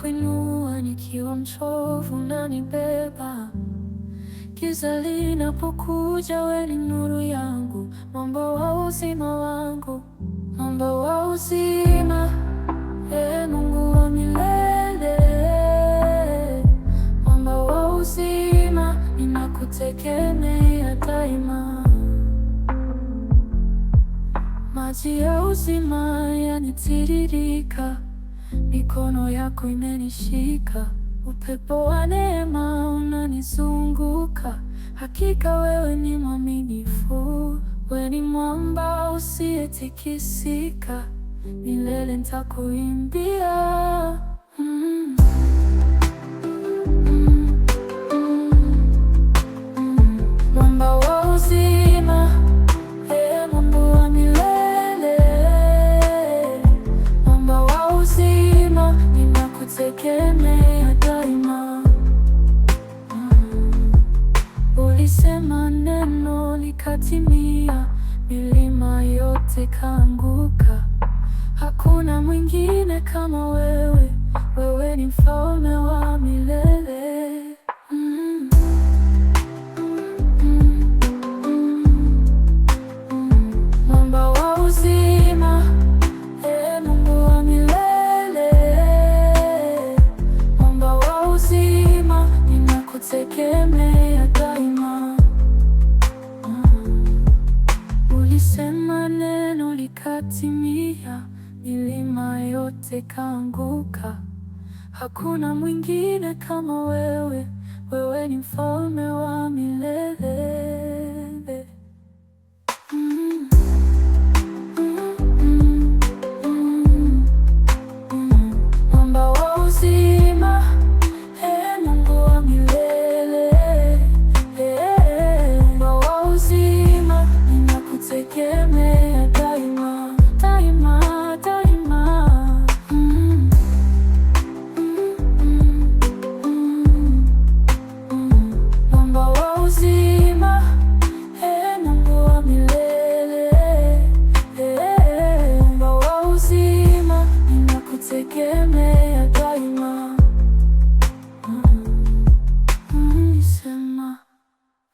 kuinua nikiwa mchovu na nibeba Giza linapokuja we ni nuru yangu, mwamba wa uzima wangu, mwamba wa uzima, e Mungu wa milele, mwamba wa uzima, ninakutegemea daima. Maji ya uzima yanitiririka mikono yako imenishika, upepo wa neema unanizunguka. Hakika wewe ni mwaminifu, wewe ni mwamba usiyetikisika, milele nitakuimbia. ikatimia, milima yote kaanguka. Hakuna mwingine kama wewe, wewe ni mfalme wa milele. kimya, milima yote kaanguka. Hakuna mwingine kama wewe, wewe ni mfalme wa milele.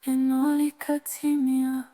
And na ukatimia.